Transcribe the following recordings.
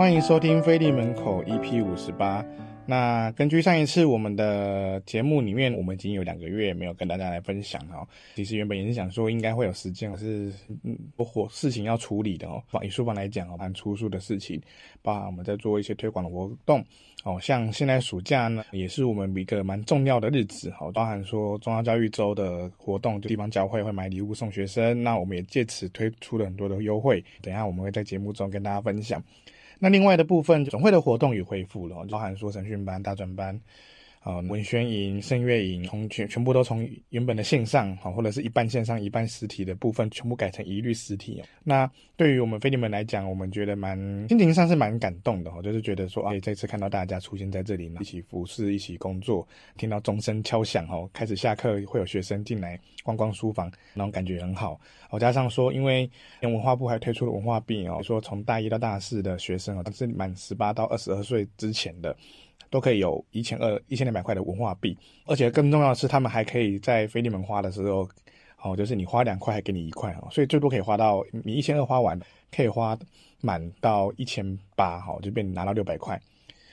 歡迎收聽腓利門口 EP 五十八。那根據上一次我們的節目裡面，我們已經有兩個月沒有跟大家來分享。其實原本也是想說應該會有時間，可是嗯不，事情要處理的哦。以書房來講，蠻出書的事情，包含我們在做一些推廣的活動哦。像現在暑假呢，也是我們一個蠻重要的日子，包含說宗教教育週的活動，就地方教會會買禮物送學生。那我們也借此推出了很多的優惠，等一下我們會在節目中跟大家分享。那另外的部分，總會的活動也恢復了，包含說神訓班、大專班。啊、哦，文宣營、盛月營從，從全全部都從原本的線上，哈，或者是一半線上一半實體的部分，全部改成一律實體、哦。那對於我們腓利門來講，我們覺得蠻心情上是蠻感動的、哦，哈，就是覺得說啊，這次看到大家出現在這裡一起服侍，一起工作，聽到鐘聲敲響，哦、開始下課會有學生進來逛逛書房，那種感覺很好。我、哦、加上說，因為連文化部還推出了文化幣哦，說從大一到大四的學生啊、哦，都是滿十八到二十二歲之前的。都可以有一千二、一千兩百塊的文化幣，而且更重要的是，他們還可以在腓利門花的時候，哦，就是你花兩塊，還給你一塊啊、哦，所以最多可以花到你一千二花完，可以花滿到一千八，哦，就變成拿到六百塊。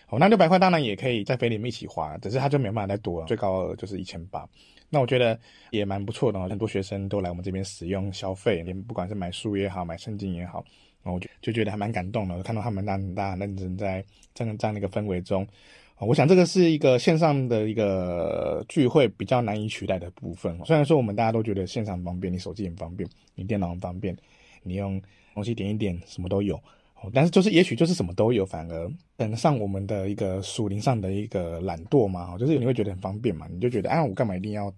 哦。那六百塊當然也可以在腓利門一起花，只是他就沒有辦法再多，最高額就是一千八。那我覺得也蠻不錯的，很多學生都來我們這邊使用消費，們不管是買書也好，買聖經也好，我、哦、就覺得還蠻感動的，看到他們那很大很認真在這樣的那個氛圍中。我想這個是一個線上的一個聚會比較難以取代的部分。雖然說我們大家都覺得線上方便，你手機很方便，你電腦很方便，你用東西點一點，什麼都有。但是就是也許就是什麼都有，反而跟上我們的一個屬靈上的一個懶惰嘛，就是你會覺得很方便嘛，你就覺得啊，我幹嘛一定要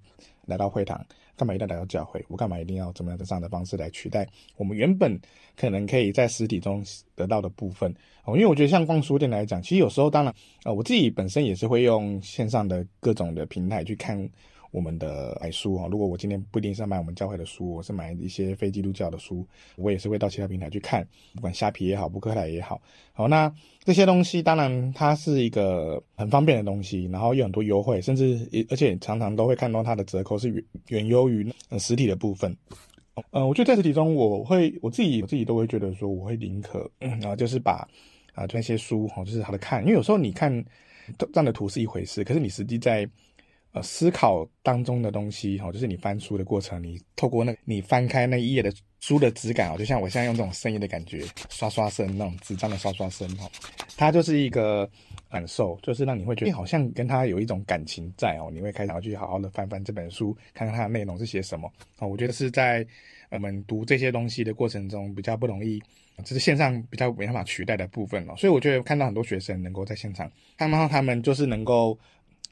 來到會堂？幹嘛一定要來到教會？我幹嘛一定要怎麼樣的這樣的方式來取代我們原本可能可以在實體中得到的部分？哦，因為我覺得像逛書店來講，其實有時候當然，呃，我自己本身也是會用線上的各種的平台去看。我們的買書啊，如果我今天不一定是要買我們教會的書，我是買一些非基督教的書，我也是會到其他平台去看，不管蝦皮也好，博客來也好。好，那這些東西當然它是一個很方便的東西，然後有很多優惠，甚至而且常常都會看到它的折扣是遠遠優於實體的部分。嗯、呃，我覺得在實體中，我會我自己我自己都會覺得說，我會寧可、嗯，然後就是把啊這些書哈、哦，就是它的看，因為有時候你看這樣的圖是一回事，可是你實際在。呃，思考當中的東西，哈、哦，就是你翻書的過程，你透過那個，你翻開那一頁的書的質感、哦、就像我現在用這種聲音的感覺，刷刷聲那種紙張的刷刷聲，哈、哦，它就是一個感受，就是讓你會覺得好像跟他有一種感情在哦，你會開始去好好的翻翻這本書，看看它的內容是寫什麼，啊、哦，我覺得是在、呃、我們讀這些東西的過程中比較不容易，就是線上比較沒辦法取代的部分了、哦，所以我覺得看到很多學生能夠在現場，他們他們就是能夠。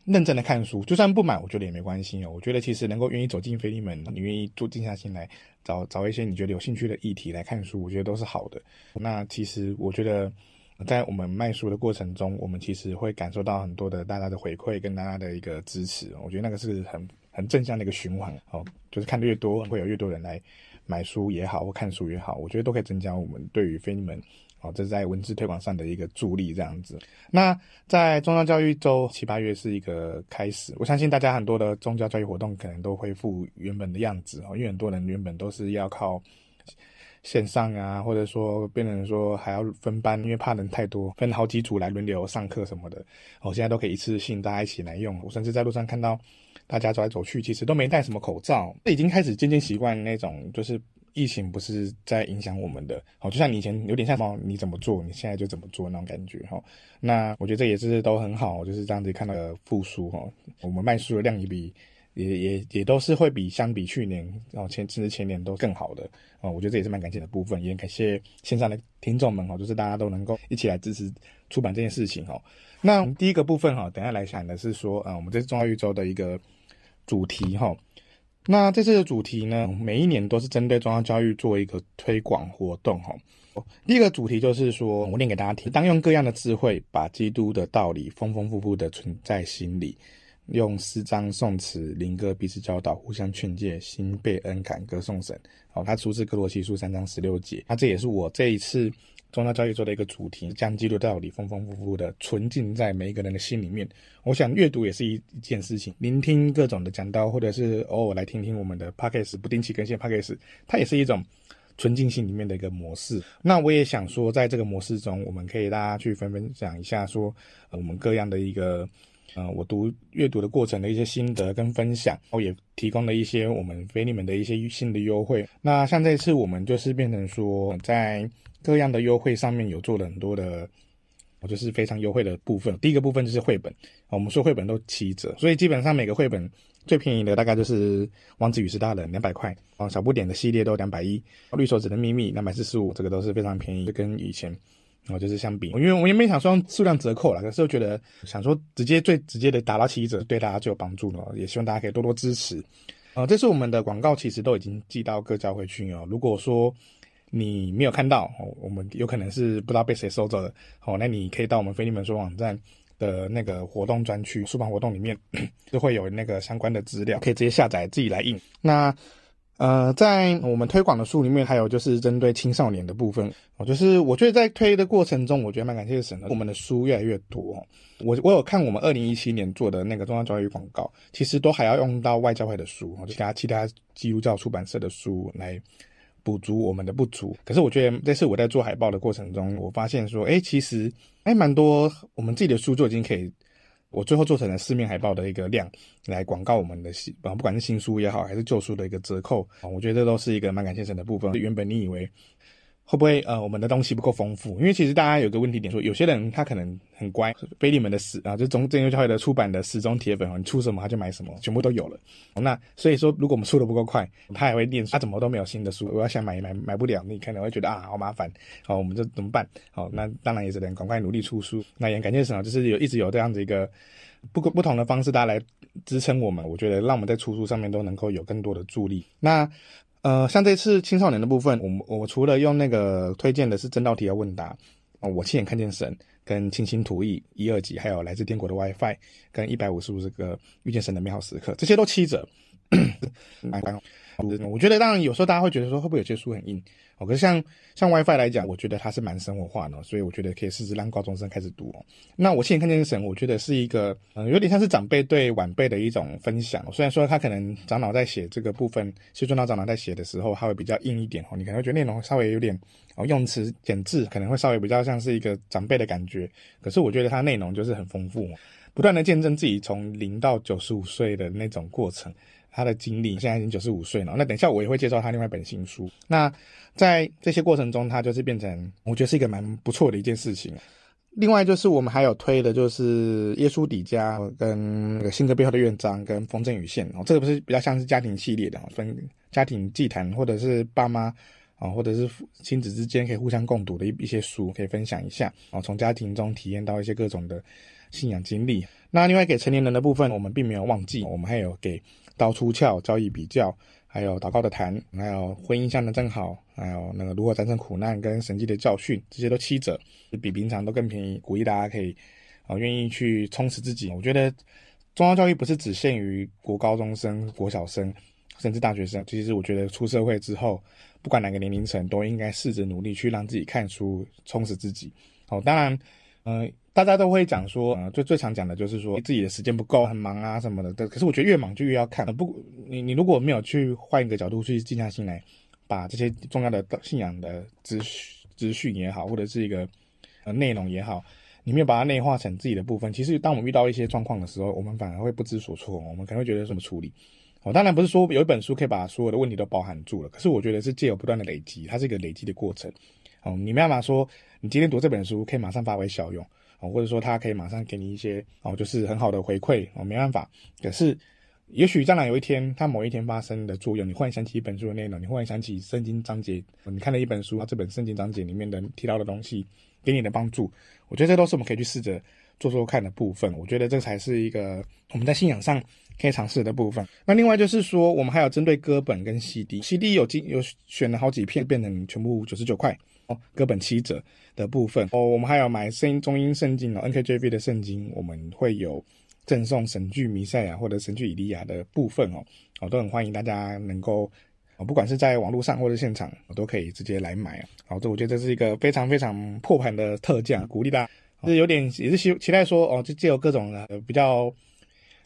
認真的看書，就算不買，我覺得也沒關係哦。我覺得其實能夠願意走進腓利門，你願意坐靜下心來找，找找一些你覺得有興趣的議題來看書，我覺得都是好的。那其實我覺得，在我們賣書的過程中，我們其實會感受到很多的大家的回饋跟大家的一個支持。我覺得那個是很很正向的一個循環哦，就是看得越多，會有越多人來買書也好，或看書也好，我覺得都可以增加我們對於腓利門。哦，這是在文字推廣上的一個助力，這樣子。那在宗教教育周，七八月是一個開始。我相信大家很多的宗教教育活動可能都恢復原本的樣子哦，因為很多人原本都是要靠線上啊，或者說變成說還要分班，因為怕人太多，分好幾組來輪流上課什麼的。哦，現在都可以一次性大家一起來用。我甚至在路上看到大家走來走去，其實都沒戴什麼口罩，已經開始漸漸習慣那種就是。疫情不是在影響我們的，好，就像你以前有點像貓，你怎麼做，你現在就怎麼做那種感覺，哈。那我覺得這也是都很好，就是這樣子看到的復甦，哈。我們賣書的量也比，也也也都是會比相比去年，然前甚至前年都更好的，哦。我覺得這也是蠻感謝的部分，也感謝線上的聽眾們，哈，就是大家都能夠一起來支持出版這件事情，哈。那我們第一個部分，哈，等下來想的是說，呃，我們這次重要宇宙的一個主題，哈。那這次的主題呢，每一年都是針對宗教教育做一個推廣活動哈。第一個主題就是說，我念給大家聽，當用各樣的智慧，把基督的道理豐豐富富的存在心裡，用詩章頌、頌詞、靈歌彼此教導，互相勸誡，心被恩感，歌頌神。哦，它出自歌羅西書三章十六節。那這也是我這一次。宗教教育做的一個主題，將基督教理豐豐富富的存進在每一個人的心裡面。我想閱讀也是一一件事情，聆聽各種的講道，或者是偶爾來聽聽我們的 podcast，不定期更新 podcast，它也是一種存進心裡面的一個模式。那我也想說，在這個模式中，我們可以大家去分分享一下說，說、呃、我們各樣的一個。呃，我讀閱讀的過程的一些心得跟分享，然、哦、後也提供了一些我們腓利門的一些新的優惠。那像這次我們就是變成說，嗯、在各樣的優惠上面有做了很多的，我、哦、就是非常優惠的部分。第一個部分就是繪本、哦，我們說繪本都七折，所以基本上每個繪本最便宜的大概就是《王子與十大人》兩百塊，啊、哦，《小不點》的系列都兩百一，《綠手指的秘密》兩百四十五，這個都是非常便宜，跟以前。哦，就是相比，因為我也沒想說數量折扣了，可是我覺得想說直接最直接的打到七折，對大家就有幫助了、哦，也希望大家可以多多支持。哦、呃，這次我們的廣告其實都已經寄到各教會去哦。如果說你沒有看到、哦，我們有可能是不知道被誰收走了。哦，那你可以到我們腓利門說網站的那個活動專區、書房活動裡面， 就會有那個相關的資料，可以直接下載自己來印。那呃，在我們推廣的書裡面，還有就是針對青少年的部分。我就是我覺得在推的過程中，我覺得蠻感謝神的，我們的書越來越多。我我有看我們二零一七年做的那個宗教教育廣告，其實都還要用到外教會的書，其他其他基督教出版社的書來補足我們的不足。可是我覺得這次我在做海報的過程中，我發現說，哎，其實還蠻多我們自己的書就已經可以。我最後做成了四面海報的一個量來廣告我們的新，不管是新書也好，還是舊書的一個折扣啊，我覺得這都是一個蠻感謝神的部分。原本你以為。會不會呃，我們的東西不夠豐富？因為其實大家有個問題點說，說有些人他可能很乖，腓利門的死啊，就中正佑教會的出版的死忠鐵粉哦，你出什麼他就買什麼，全部都有了。那所以說，如果我們出的不夠快，他也會念他，啊，怎麼都沒有新的書，我要想買買買，買不了，你可能會覺得啊好麻煩，好，我們就怎麼辦？好，那當然也只能趕快努力出書。那也感謝神啊，就是有一直有這樣子一個不不同的方式，大家來支撐我們，我覺得讓我們在出書上面都能夠有更多的助力。那。呃，像這次青少年的部分，我們我除了用那個推薦的是真道題的問答，啊、呃，我親眼看見神跟清新圖意一二集，還有來自天國的 WiFi 跟一百五十五這個遇見神的美好時刻，這些都七折，蠻管 嗯、我覺得，當然有時候大家會覺得說，會不會有些書很硬？哦，可是像像 WiFi 來講，我覺得它是蠻生活化的，所以我覺得可以試試讓高中生開始讀哦。那我親眼看見這本，我覺得是一個，嗯，有點像是長輩對晚輩的一種分享。哦、雖然說他可能長老在寫這個部分，其實長老在寫的時候，他會比較硬一點哦。你可能會覺得內容稍微有點，哦，用詞簡字可能會稍微比較像是一個長輩的感覺。可是我覺得它內容就是很豐富，不斷的見證自己從零到九十五歲的那種過程。他的經歷現在已經九十五歲了。那等一下我也會介紹他另外一本新書。那在這些過程中，他就是變成我覺得是一個蠻不錯的一件事情。另外就是我們還有推的就是《耶穌底家》跟那個《性格背後的院長》跟《風箏與線》哦，這個不是比較像是家庭系列的，分家庭祭壇或者是爸媽啊、哦，或者是親子之間可以互相共讀的一一些書，可以分享一下哦，從家庭中體驗到一些各種的信仰經歷。那另外給成年人的部分，我們並沒有忘記，我們還有給。刀出鞘，交易比較，還有禱告的談，還有婚姻向的正好，還有那個如何戰勝苦難跟神蹟的教訓，這些都七折，比平常都更便宜，鼓勵大家可以啊，願、呃、意去充實自己。我覺得，宗教教育不是只限於國高中生、國小生，甚至大學生，其實我覺得出社會之後，不管哪個年齡層，都應該試着努力去讓自己看書，充實自己。好、哦，當然，嗯、呃。大家都會講說，最最常講的就是說自己的時間不夠，很忙啊什麼的。但可是我覺得越忙就越要看。不，你你如果沒有去換一個角度去靜下心來，把這些重要的信仰的資訊、資訊也好，或者是一個呃內容也好，你沒有把它內化成自己的部分，其實當我們遇到一些狀況的時候，我們反而會不知所措。我們可能會覺得什麼處理？哦，當然不是說有一本書可以把所有的問題都包含住了。可是我覺得是借由不斷的累積，它是一個累積的過程。哦、嗯，你沒有辦法說你今天讀這本書可以馬上發揮效用。哦，或者說他可以馬上給你一些哦，就是很好的回饋哦，沒辦法。可是，也許將來有一天，他某一天發生的作用，你忽然想起一本書的內容，你會想起聖經章節，你看了一本書，他這本聖經章節裡面能提到的東西給你的幫助，我覺得這都是我們可以去試着做做看的部分。我覺得這才是一個我們在信仰上可以嘗試的部分。那另外就是說，我們還有針對歌本跟 CD，CD CD 有經有選了好幾片，變成全部九十九塊。哦，各本七折的部分哦，我們還有買聖中英聖經哦 NKJV 的聖經，我們會有贈送神劇彌賽亞或者神劇以利亞的部分哦，哦，都很歡迎大家能夠，哦，不管是在網絡上或者現場，我、哦、都可以直接來買啊，好、哦，這我覺得這是一個非常非常破盤的特價，嗯、鼓勵大家，就是有點也是希期待說哦，就借由各種的比較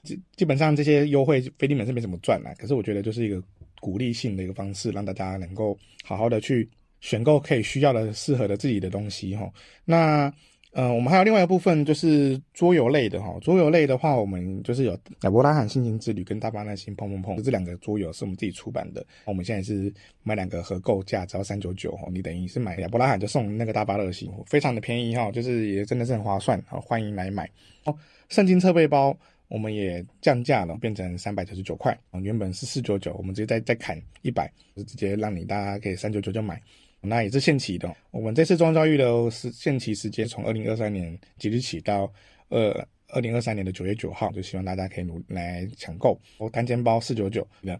基基本上這些優惠，腓利門是沒什麼賺啦，可是我覺得就是一個鼓勵性的一個方式，讓大家能夠好好的去。選購可以需要的適合的自己的東西哈，那呃我們還有另外一部分，就是桌遊類的哈，桌遊類的話我們就是有亞伯拉罕信心之旅跟大巴勒星砰砰砰，碰，這兩個桌遊是我們自己出版的，我們現在是買兩個合購價只要三九九哈，你等於是買亞伯拉罕就送那個大巴勒星，非常的便宜哈，就是也真的是很划算哈，歡迎來買。哦，聖經側背包我們也降價了，變成三百九十九塊啊，原本是四九九，我們直接再再砍一百，就直接讓你大家可以三九九就買。那也是限期的，哦，我們這次宗教教育的是、哦、限期時間從二零二三年即日起到二二零二三年的九月九號，就希望大家可以努來搶購哦，單肩包四九九的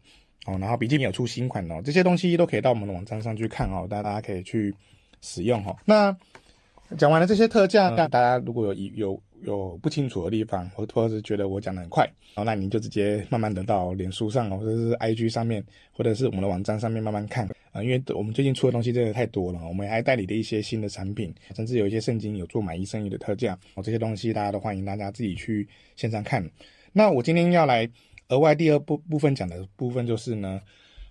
哦，然後筆記本有出新款哦，這些東西都可以到我們的網站上去看哦，大大家可以去使用哦。那講完了這些特價，那大家如果有有有不清楚的地方，或者是覺得我講得很快，哦，那您就直接慢慢的到臉書上哦，或者是 IG 上面，或者是我們的網站上面慢慢看。啊，因為我們最近出的東西真的太多了，我們還代理的一些新的產品，甚至有一些聖經有做買一送一的特價，哦，這些東西大家都歡迎大家自己去線上看。那我今天要來額外第二部部分講的部分就是呢，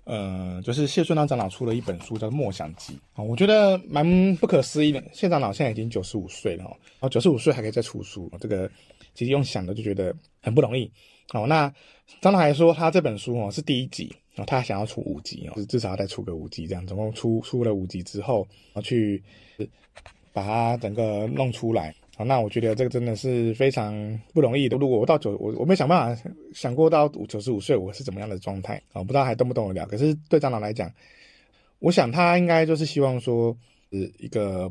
呃，就是謝順道長老出了一本書叫《默想集》啊，我覺得蠻不可思議的。謝長老現在已經九十五歲了，哦，九十五歲還可以再出書，這個其實用想的就覺得很不容易。哦，那張老還說他這本書哦是第一集，哦，他想要出五集哦，就是，至少要再出個五集，這樣總共出出了五集之後，然後去把它整個弄出來。哦，那我覺得這個真的是非常不容易的。如果我到九我我沒想辦法想過到九十五歲我是怎麼樣的狀態啊，哦？不知道還動不動得了。可是對張老來講，我想他應該就是希望說是一個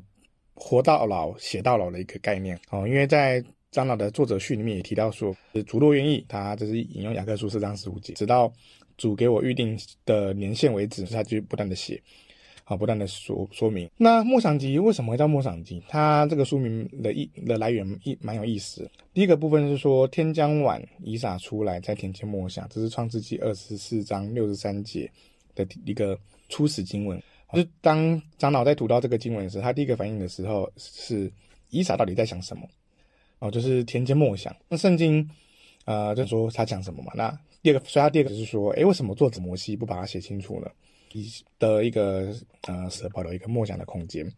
活到老寫到老的一個概念哦，因為在，張老的作者序裡面也提到說：“主若願意，他這是引用雅各書四章十五節，直到主給我預定的年限為止，他就不斷的寫，好，不斷的說說明。那《默想集》為什麼會叫《默想集》？它這個書名的意的來源意蠻有意思。第一個部分是說：天將晚，以撒出來在田間默想，這是創世記二十四章六十三節的一個初始經文。就當張老在讀到這個經文的時候，他第一個反應的時候是：以撒到底在想什麼？”哦，就是《田間默想》那聖經，啊、呃，就說他講什麼嘛。那第二個，所以他第二個就是說，哎、欸，為什麼作者摩西不把它寫清楚呢？以的一個是、呃、保留一個默想的空間。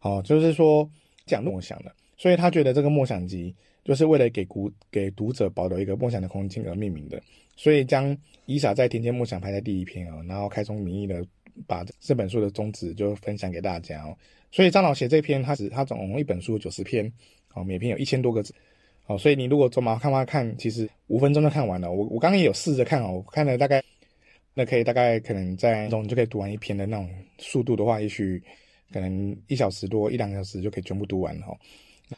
哦，就是說講默想的，所以他覺得這個默想集就是為了給讀給讀者保留一個默想的空間而命名的。所以將以撒在《田間默想》排在第一篇哦，然後開宗明義的把這本書的宗旨就分享給大家哦。所以張老寫這篇，他只他總共一本書九十篇。哦，每篇有一千多個字，哦，所以你如果走馬看花看，其實五分鐘就看完了。我我剛剛也有試着看哦，我看了大概，那可以大概可能在那種你就可以讀完一篇的那種速度的話，也許可能一小時多一兩個小時就可以全部讀完了。哦，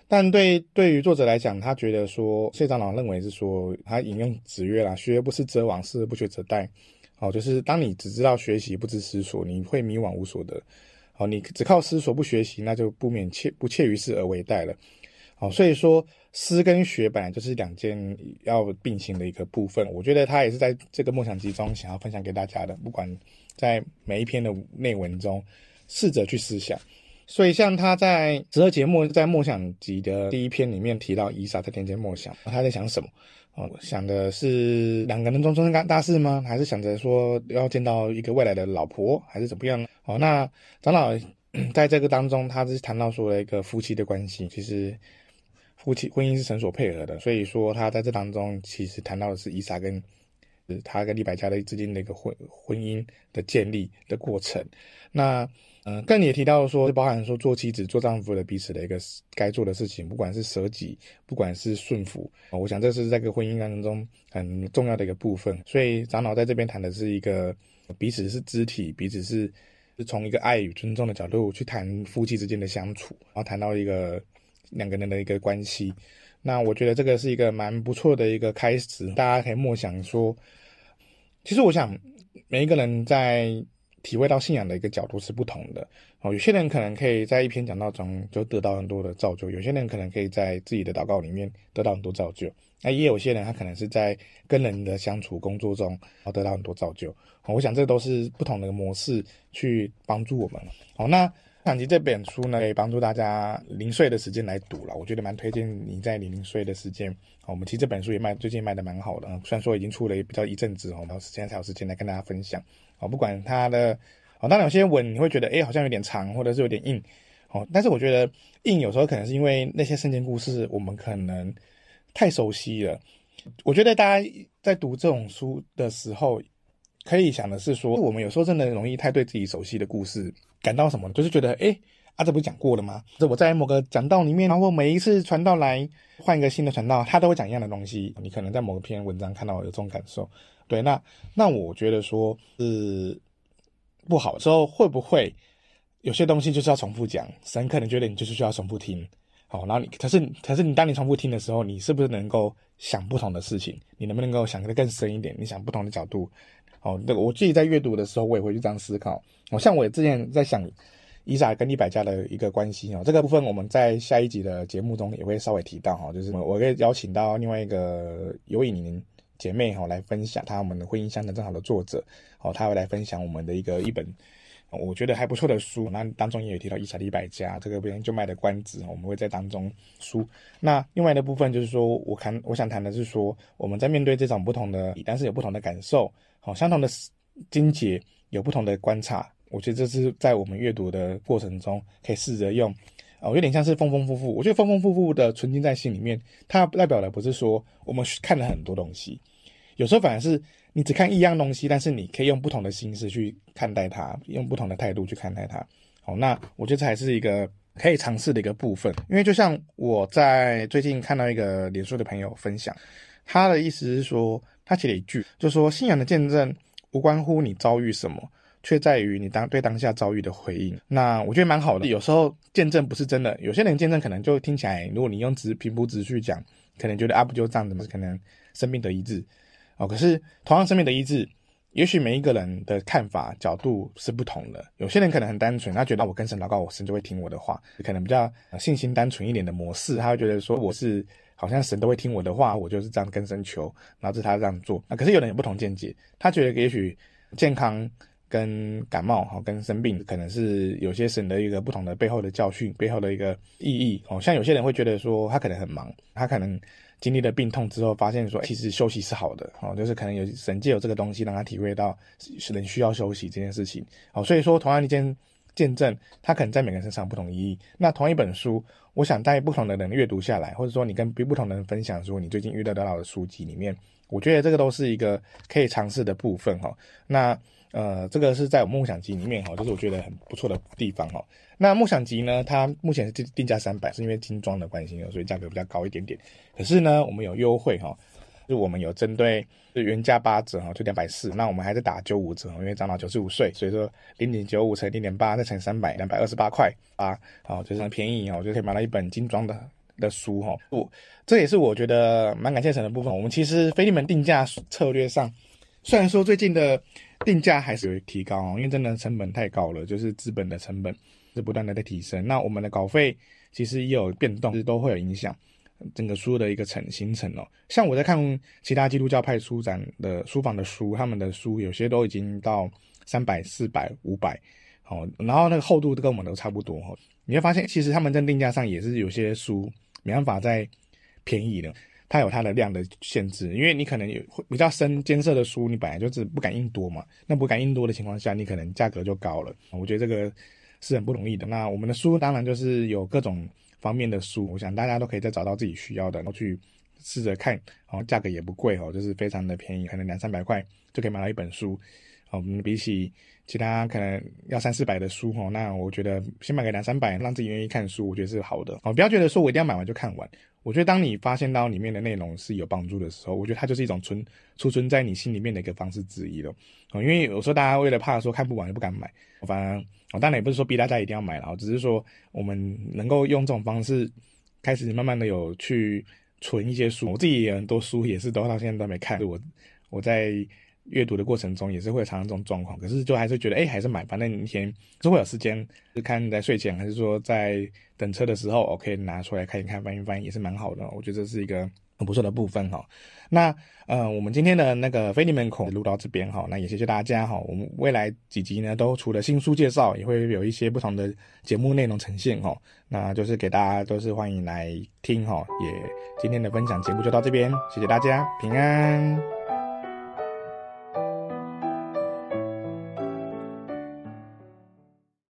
但對對於作者來講，他覺得說謝長老認為是說他引用子曰啦：“學而不思則罔，思而不學則殆。”哦，就是當你只知道學習不知思索，你會迷惘無所得。哦，你只靠思索不學習，那就不免切不切於事而為殆了。好，所以說思跟學本來就是兩件要並行的一個部分。我覺得他也是在這個默想集中想要分享給大家的。不管在每一篇的內文中試着去思想。所以像他在整個節目在默想集的第一篇裡面提到以撒在田間默想，他在想什麼？哦，想的是兩個人中終身幹大事嗎？還是想着說要見到一個未來的老婆，還是怎麼樣？好，那長老在這個當中，他是談到說了一個夫妻的關係，其實。夫妻婚姻是神所配合的，所以說他在這當中其實談到的是以撒跟、他跟利百加的之間的一個婚、婚姻的建立的過程。那，嗯、呃，更也提到說，包含說做妻子、做丈夫的彼此的一個該做的事情，不管是捨己，不管是順服，我想這是這個婚姻當中很重要的一個部分。所以長老在這邊談的是一個彼此是肢體，彼此是、是從一個愛與尊重的角度去談夫妻之間的相處，然後談到一個。兩個人的一個關係，那我覺得這個是一個蠻不錯的一個開始。大家可以默想說，其實我想，每一個人在體會到信仰的一個角度是不同的哦。有些人可能可以在一篇講道中就得到很多的造就，有些人可能可以在自己的禱告裡面得到很多造就，那也有些人他可能是在跟人的相處工作中啊得到很多造就。我想這都是不同的模式去幫助我們。好，那。《上集》這本書呢，可以幫助大家零碎的時間來讀了，我覺得蠻推薦你在零碎的時間。我、哦、們其實這本書也賣，最近賣的蠻好的，雖、嗯、然說已經出了也比較一陣子，然後現在才有時間來跟大家分享。哦，不管它的哦，當然有些文你會覺得，誒好像有點長，或者是有點硬。哦，但是我覺得硬有時候可能是因為那些聖經故事我們可能太熟悉了。我覺得大家在讀這種書的時候，可以想的是說，我們有時候真的容易太對自己熟悉的故事。感到什麼？就是覺得，哎、欸，啊，這不是講過了嗎？這我在某個講道裡面，然後每一次傳道來換一個新的傳道，他都會講一樣的東西。你可能在某篇文章看到有這種感受，對？那那我覺得說，是、呃、不好。之後會不會有些東西就是要重複講？神可能覺得你就是需要重複聽。好，然後你可是可是你當你重複聽的時候，你是不是能夠想不同的事情？你能不能夠想得更深一點？你想不同的角度？哦，那個我自己在閱讀的時候，我也會去這樣思考。哦，像我之前在想以撒跟利百加的一個關係哦，這個部分我們在下一集的節目中也會稍微提到哈，就是我我會邀請到另外一個尤以寧姐妹哈來分享她我們的婚姻相的正好的作者，哦，她會來分享我們的一個一本。我覺得還不錯的書，那當中也有提到《伊查的一百家》，這個別人就賣的關子，我們會在當中書。那另外的部分就是說，我看我想談的是說，我們在面對這種不同的，但是有不同的感受，好，相同的經節有不同的觀察，我覺得這是在我們閱讀的過程中可以試着用，哦，有點像是豐豐富富，我覺得豐豐富富的存進在心裡面，它代表的不是說我們看了很多東西，有時候反而是。你只看一樣東西，但是你可以用不同的心思去看待它，用不同的態度去看待它。好，那我覺得這還是一個可以嘗試的一個部分，因為就像我在最近看到一個臉書的朋友分享，他的意思是說，他寫了一句，就說信仰的見證無關乎你遭遇什麼，卻在於你當對當下遭遇的回應。那我覺得蠻好的，有時候見證不是真的，有些人見證可能就聽起來，如果你用直平鋪直敘講，可能覺得啊不就這樣子嘛，怎麼可能生病得醫治？哦、可是同樣生命的醫治，也許每一個人的看法角度是不同的。有些人可能很單純，他覺得我跟神禱告，我神就會聽我的話，可能比較信心單純一點的模式，他會覺得說我是好像神都會聽我的話，我就是這樣跟神求，然後是他這樣做，啊。可是有人有不同見解，他覺得也許健康跟感冒、哦、跟生病，可能是有些神的一個不同的背後的教訓，背後的一個意義，哦。像有些人會覺得說他可能很忙，他可能。經歷了病痛之後，發現說其實休息是好的，哦，就是可能有神藉有這個東西，讓他體會到人需要休息這件事情，哦，所以說同樣一件見證，他可能在每個人身上不同意義。那同一本書，我想帶不同的人閱讀下來，或者說你跟不不同的人分享說你最近遇到的的書籍裡面，我覺得這個都是一個可以嘗試的部分，哦，那。呃，這個是在我默想集裡面哈，就是我覺得很不錯的地方哈。那默想集呢，它目前定定價三百，是因為精裝的關係哦，所以價格比較高一點點。可是呢，我們有優惠哈，就我們有針對原價八折哈，就兩百四。那我們還是打九五折，因為漲到九十五歲，所以說零點九五乘零點八再乘三百，兩百二十八塊八，好，非常便宜哦。就可以買到一本精裝的的書哈，不，這也是我覺得蠻感謝神的部分。我們其實腓利門定價策略上，雖然說最近的。定價還是有提高哦，因為真的成本太高了，就是資本的成本是不斷的在提升。那我們的稿費其實也有變動，其實都會有影響整個書的一個成形成哦。像我在看其他基督教派書展的書房的書，他們的書有些都已經到三百、四百、五百，哦，然後那個厚度都跟我們都差不多哦。你會發現，其實他們在定價上也是有些書沒辦法再便宜的。它有它的量的限制，因為你可能會比較深艱澀的書，你本來就是不敢印多嘛。那不敢印多的情況下，你可能價格就高了。我覺得這個是很不容易的。那我們的書當然就是有各種方面的書，我想大家都可以再找到自己需要的，然後去試着看。然後價格也不貴哦，就是非常的便宜，可能兩三百塊就可以買到一本書。我們比起其他可能要三四百的書哦，那我覺得先買個兩三百，讓自己願意看書，我覺得是好的。哦，不要覺得說我一定要買完就看完。我覺得，當你發現到裡面的內容是有幫助的時候，我覺得它就是一種存儲存在你心裡面的一個方式之一了。因為有時候大家為了怕說看不完又不敢買，我反正我當然也不是說逼大家一定要買啦，然後只是說我們能夠用這種方式開始慢慢的有去存一些書。我自己也有很多書也是都到現在都沒看，我我在。閱讀的過程中也是會常有這種狀況，可是就還是覺得誒、欸，還是買吧。那一天是會有時間，是看在睡前還是說在等車的時候，我可以拿出來看一看翻一翻也是蠻好的。我覺得這是一個很不錯的部分哈。那呃我們今天的那個腓利門口錄到這邊哈，那也謝謝大家哈。我們未來幾集呢，都除了新書介紹，也會有一些不同的節目內容呈現哈。那就是給大家都是歡迎來聽哈。也今天的分享節目就到這邊，謝謝大家平安。